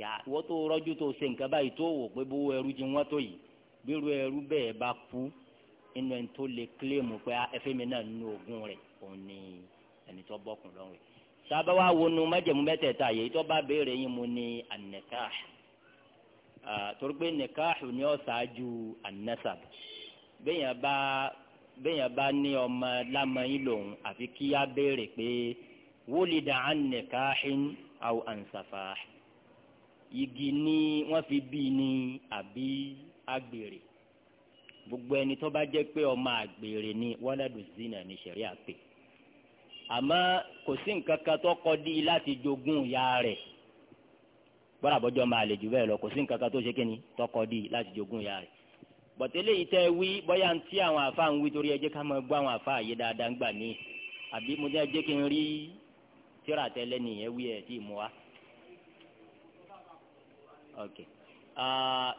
yà wọ́n tó rọ́jú tó ṣe nǹkan báyìí tó wò pé bó ẹrú jí wọ́n tó yìí bírú ẹrú bẹ́ẹ̀ bá kú inú ẹni tó lè kílèmù pé ah, ẹfẹ́mi náà nínú ogún rẹ̀ òun ni ẹni tó bọ́kùn lọ́rùn rẹ̀ sábàá wọnú májẹ̀mú mẹ́tẹ̀ẹ̀ta yìí tó bá béèrè yín mu ní an torí pé nikah ni ó ṣáájú an bẹ́ẹ̀ yẹn bá ní ọmọ lámọ́ yín lòun àfi kí á béèrè pé wólìdà ànẹ̀káhìn àwọn ànsàfà igi ni wọ́n fi bí ni àbí agbèrè gbogbo ẹni tó bá jẹ́ pé ọmọ agbèrè ni wọ́lẹ́dù zina ní sẹ̀rí àpè àmọ́ kò sí nǹkan kan tó kọ́ di láti jogún ìyá rẹ̀ bọ́dà bọ́jọ́ máa lè jù bẹ́ẹ̀ lọ kò sí nǹkan kan tó ṣe kí tó kọ́ láti jogún ìyá rẹ̀ bọ̀tẹ́lẹ̀ yìí tẹ́ wí bọ́yá ń tí àwọn àfa ń wí torí ẹ ká máa gbọ́ àwọn àfa àyè dáadáa ń gbà ní àbí mo jẹ́ jẹ́ kí n rí tíra tẹ́lẹ̀ nìyẹn wí ẹ̀ tí mú wa. ok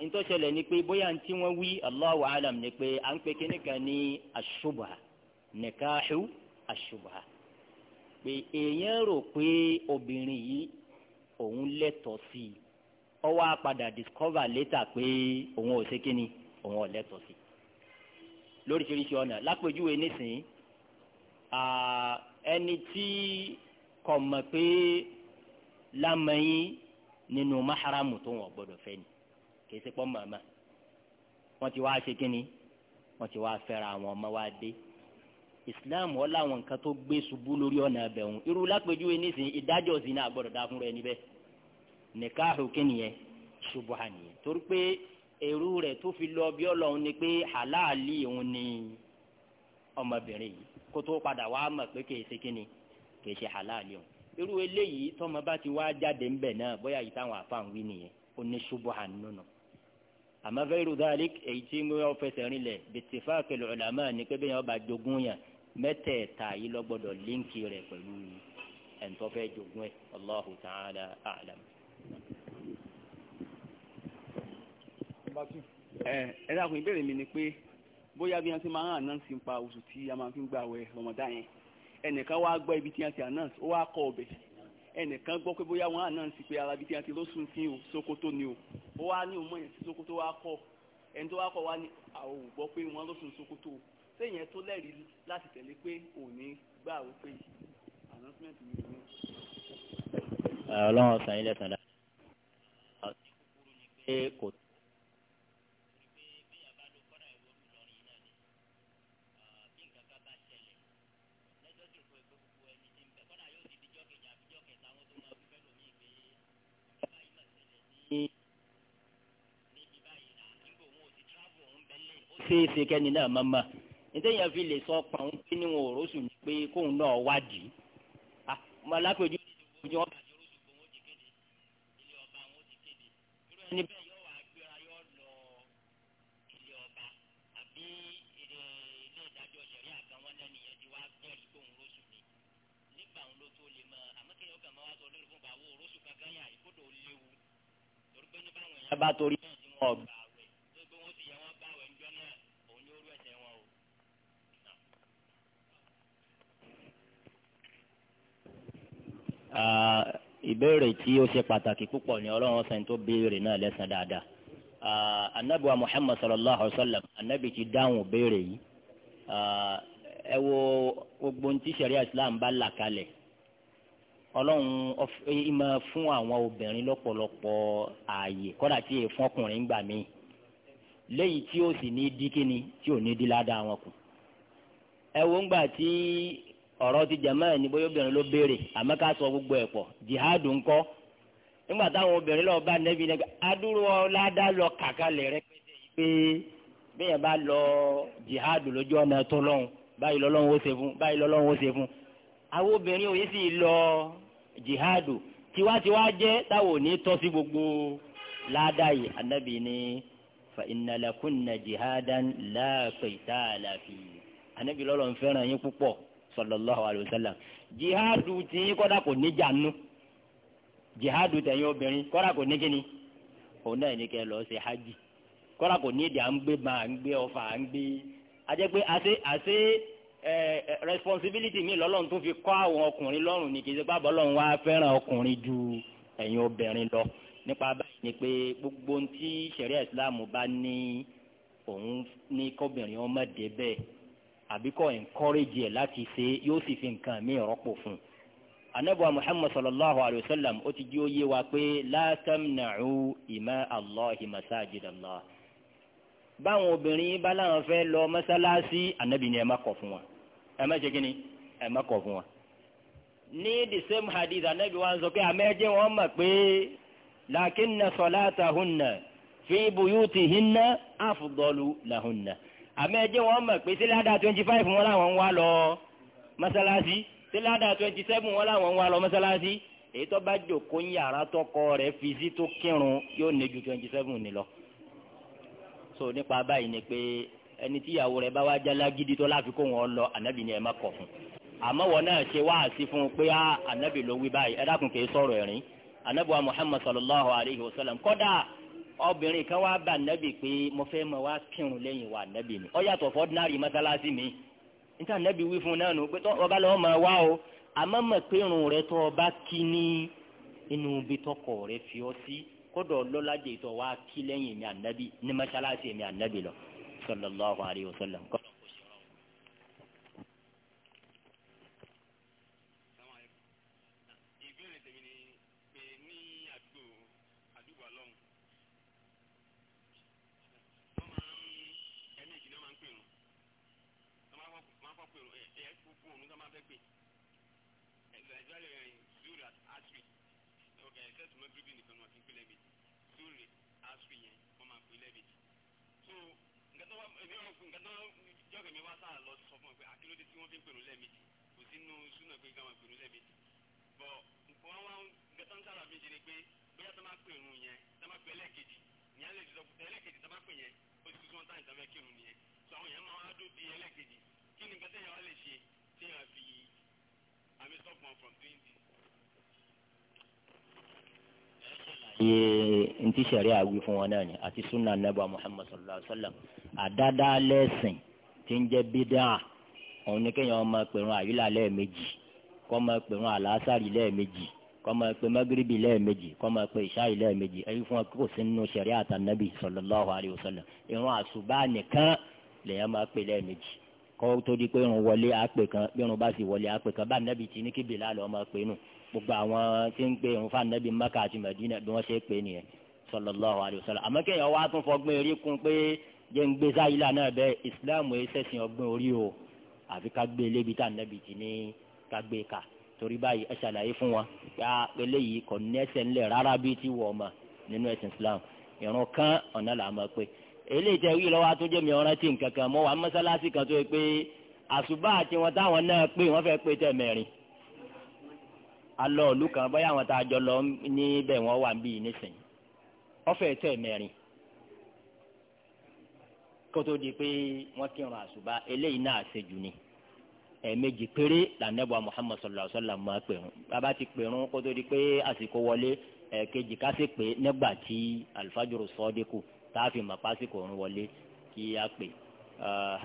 ntọ́sẹ̀lẹ̀ ni pé bóyá ntí wọ́n wí Allahu alam ni pé à ń pe kíní kan ní asubha nìkahu asubha pé èèyàn rò pé obìnrin yìí òun lẹ́tọ̀ọ́ sí i ó wá padà discover later pé òun ò ṣe kíni òun ò lẹ́tọ̀ọ́ sí i lóríṣiríṣi ọ̀nà lápèjúwe nísìnyí ẹni tí kọ́ mọ̀ pé lamẹ́yìn nínú maharamu tó wọ́n gbọ́dọ̀ fẹ́ ni kì í ṣe pọ́ màmá wọ́n ti wá ṣe kínni wọ́n ti wá fẹ́ra àwọn ọmọ wa dé islam wọn làwọn nǹkan tó gbé ṣubú lórí ọ̀nà ẹ̀bẹ̀hùn irú lápèjúwe nísìnyí ìdájọ́ sí náà gbọ́dọ̀ dá fúnra ẹni bẹ́ẹ̀ nìkáàhù kínìyẹn ṣubú àníyẹn torí pé èrú rẹ̀ tó fi lọ bí ọlọ́run ni pé halali òun ni ọmọbìnrin yìí kó tó padà wá mọ̀ pé kì í ṣe kì í ṣe halal o irú eléyìí tọmọ bá ti wá jáde ńbẹ náà bóyá yìí táwọn afáàn wí nìyẹn ó ní ṣubú ànúnà àmọ́ fẹ́rù dáálí èyí tí wọ́n fẹsẹ̀ rinlẹ̀ bìtìfà kẹlẹ̀ ọ̀làmọ́ ni pé bẹ́ẹ̀ yẹn bá jogún yàn mẹ́tẹ̀ẹ̀ta yìí ló gbọ́dọ̀ líǹkì rẹ̀ pẹ̀lú ẹ̀ńtọ́ fẹ́ jogún ẹ̀ Allahu ta'ala a'lam. ẹ dákun ìbéèrè mi ni pé bóyá bí wọn ti máa ń àná sí pa oṣù tí a máa fi ń gbà wẹ̀ Ramadan yẹn ẹnìkan wá gbọ́ ibi tí wọ́n ti announce ó wá kọ ọbẹ̀ ẹnìkan gbọ́ pé bóyá wọ́n announce pé ara ibi tí wọ́n ti lóṣùn sí o Sokoto ni o ó wá ní òun mọ̀yàn sí Sokoto wá kọ ẹni tó wá kọ wá ní àwọn gbọ́ pé wọ́n lóṣùn Sokoto o sẹ́yìn tó lẹ́rìí láti tẹ̀lé pé òní gbà ó pé announcement mi ò ọlọ́run sàn ilé sàn dá. kò tó. ṣeéṣe kẹ́ni náà máa ma nítẹ̀yìn fi lè sọ pa òun pé níwọ̀n òrósùn ni pé kóun náà wádìí ọmọ alápèjú ojú wọn bàjẹ́ orósùn bò wọ́n ti kéde ilé ọba wọn ti kéde irú ẹni bẹ́ẹ̀ yóò wá gbéra yóò lọ ilé ọba àbí eh, ilé ìdájọ́ sẹ̀rí àgbà wọn náà nìyẹn ti wá jẹ́rìí pé òun rósùn ni nígbà òun ló tó lè mọ àmọ́kẹ́yìn ọkàn máa wá sọ lórí fún bàwọ́ òrósùn kankan yà ìkódò léwu torí pé ní báwọn èèyàn bá torí bẹ́ẹ̀ ni wọ́n gbà ìbéèrè tí ó ṣe pàtàkì púpọ̀ ni ọlọ́run ọ̀sán tó béèrè náà lẹ́sàn dáadáa anabi wa sallallahu alaihi wa anabi ti dáhùn béèrè yìí ẹ wo gbogbo ti sẹ̀ríà islam bá là kalẹ̀ ọlọ́run ìmọ̀ fún àwọn obìnrin lọ́pọ̀lọpọ̀ ààyè kọ́dà tí èè fọkùnrin gbà mí léyìí tí ó sì ní dí kíni tí ò ní dí ládàá ẹ wo ọ̀rọ̀ ti jàmáà ẹni bóyá obìnrin ló béèrè àmọ́ ká sọ gbogbo ẹ̀ pọ̀ jihadu ńkọ́ nígbà táwọn obìnrin lọ bá nẹ́bí nẹ́bí adúrú ọ̀làdá lọ kàkálẹ̀ rẹpẹtẹ yìí pé bẹ́ẹ̀ bá lọ jihadu lójú ọ̀nà tó lọ́hùn báyìí lọ́lọ́hùn ó ṣe fún báyìí lọ́lọ́hùn ó ṣe fún àwọn obìnrin òye sì lọ jihadu tiwantiwa jẹ́ táwọn ò tọ́ sí gbogbo ládàá yìí anábì ni fa innalakunna jihadan la qitala fi anábì lọ́lọ́ ń fẹ́ràn yín púpọ̀ sallallahu alayhi wa sallam jihadu ti kọ́dà kò ní jànú jihadu tẹ̀yìn obìnrin kọ́dà kò ní kíni òun náà ní kẹ́ lọ́ọ́ ṣe hajj kọ́dà kò ní èdè à ń gbé ma à ń gbé ọfà à ń gbé ajẹ́ pé àṣe àṣe responsibility mi lọ́lọ́run tó fi kọ́ àwọn ọkùnrin lọ́rùn ni kì í ṣe pàbọ́ lọ́run wá fẹ́ràn ọkùnrin ju ẹ̀yin obìnrin lọ nípa báyìí ni pé gbogbo ohun tí ṣẹ̀ríà ìsìláàmù bá ní òun ní kọ́bìnrin ọmọdé bẹ́ẹ̀ àbí kọ́ encourage ẹ̀ láti ṣe yóò sì fi nǹkan mí rọ́pò fún un. anabuwa muhammad sallallahu alayhi wa sallam ó ti jí ó yé wa pé la tamna'u ima allahi masajid allah. báwọn obìnrin bá láwọn fẹ́ lọ mọ́sálásí anabi ni ẹ má kọ̀ fún wọn ẹ má ṣe kíni ẹ má kọ̀ fún wọn. ní the same hadith anabi wa sọ pé àmẹ́jẹ́ wọn mọ̀ pé lakinna salatahunna fi buyutihinna afdalu lahunna àmọ́ ẹ jẹ́ wọn mọ̀ pé sílẹ̀dà twenty five wọn làwọn ń wá lọ mọ́sálásí sílẹ̀dà twenty seven wọn làwọn ń wá lọ mọ́sálásí èyí tó bá jòkó ń yàrá tọkọ rẹ̀ fi sí tó kírun yóò ní twenty seven ní lọ. so nípa báyìí ni pé ẹni tíyàwó rẹ̀ bá wá jálá gidi tó láfi kó wọn lọ ànábì ni ẹ má kọ̀ fún àmọ́ wọn náà ṣe wáàsí fún un pé ànábì ló wí báyìí ẹ dákun kì í sọ̀rọ̀ ẹ̀rín ànábì wa Muhammad sallallahu alayhi wa sallam kọ́dà obìnrin kan wá bá nẹ́bì pé mo fẹ́ mọ wá kírun lẹ́yìn wa nẹ́bì ni ọ yàtọ̀ fún ordinary mọ́sálásí mi níta nẹ́bì wí fún un náà nù pé tó ọba lọ́wọ́ máa wá o àmọ́ mọ̀ pé irun rẹ tó ọba kí ní inú ibi tọkọ rẹ fi ọ sí kódọ̀ lọ́ládé tó wá kí lẹ́yìn mi ànẹ́bì ní mọ́sálásí mi ànẹ́bì lọ sallallahu alaihi wasallam. especially eh, ẹ̀yìn zuri àti asri ok except mọ́tòbí nìkan wọn ti pè lẹ́ẹ̀mejì zuri asri yẹn wọ́n máa pè lẹ́ẹ̀mejì so nǹkan tó wá èmi ọ̀rọ̀ fún nǹkan tó jọ́gẹ̀ mi wá sáà lọ sọ fún ọ pé akílódé tí wọ́n fi ń pè ní lẹ́ẹ̀mejì kò sí nínú súnà pé ká máa pè ní lẹ́ẹ̀mejì bọ̀ wọ́n wá nǹkan tó ń sára mi ṣe ni pé bóyá tó máa pè ní yẹn tó máa pè ẹlẹ́ẹ̀kejì ìyẹn lè sọ ẹlẹ́ẹ̀kejì tó máa pè yẹn ó ti tún táyì tó fẹ́ kírun nìyẹn so àwọn yẹn máa wá dó di ẹlẹ́ẹ̀kejì kí ni nǹkan tẹ́yà wá lè ṣe tẹ́yà fi ye ntí sariya wí fún wọn náà ni àti sunna nebo muhammad sallallahu alaihi wa sallam àdáda lẹ́sìn tí ń jẹ́ bídà òun ni kéèyàn máa pèrún àyílà lẹ́ẹ̀mejì kó máa pèrún àlásàrì lẹ́ẹ̀mejì kó máa pè lẹ́ẹ̀mejì kó máa pè lẹ́ẹ̀mejì èyí fún wọn kò sí nínú sariya àtànábì sallallahu alaihi wa sallam ìrun àṣùbà nìkan lèèyàn máa pè lẹ́ẹ̀mejì kọ́ tó di pé irun wọlé àpè kan bí irun bá sì wọlé àpè kan bá nẹ́bi tí ní kí bèlà lọ́ máa pè nù gbogbo àwọn tí ń pè irun fáwọn nẹ́bi Mẹ́kà àti Mẹ́dínà bí wọ́n ṣe pè nìyẹn sallallahu alaihi wasallam àmọ́ kéèyàn wá tún fọgbọ́n eré kún pé jẹ́ ń gbé sáyìlá náà bẹ́ẹ̀ ìsìláàmù ẹ̀sẹ̀sìn ọgbọ́n orí o àfi ká gbé lébi tá nẹ́bi tí ní ká gbé ka torí báyìí ẹ ṣàlàyé fún wa yá ah, eléyìí kò ní ẹsẹ̀ ńlẹ̀ rárá bíi ti wọ̀ ọ̀ma nínú ẹ̀sìn Islam ìrun kan ọ̀nà làá máa pé eléyìí tẹ wí lọ́wọ́ àtúnjẹ́ mi ọ̀rẹ́ tí nǹkan mọ́ wà mọ́sálásí kan tó yẹ pé àṣùbà àti wọn táwọn náà pé wọ́n fẹ́ pé tẹ mẹ́rin alọ́ òlu kan bóyá àwọn tá a jọ lọ níbẹ̀ wọ́n wà níbí nísìnyí wọ́n fẹ́ tẹ mẹ́rin kótó di pé wọ́n kírun àṣùbà eléyìí náà ṣèjù ni ẹ̀ẹ̀mejì péré lànàbọ̀ Muhammad sallallahu alaihi wasallam máa pèrún bàbá ti pèrún kótó di pé àsìkò wọlé ẹ̀ẹ̀kejì kásìpé nígbà tí alifájòrò sọ́ọ́ dínkù tààfin màpásíkò òun wọlé kí a pè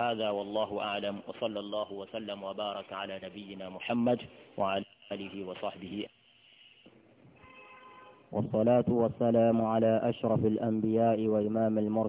هذا والله أعلم وصلى الله وسلم وبارك على نبينا محمد وعلى آله وصحبه والصلاة والسلام على أشرف الأنبياء وإمام المرسلين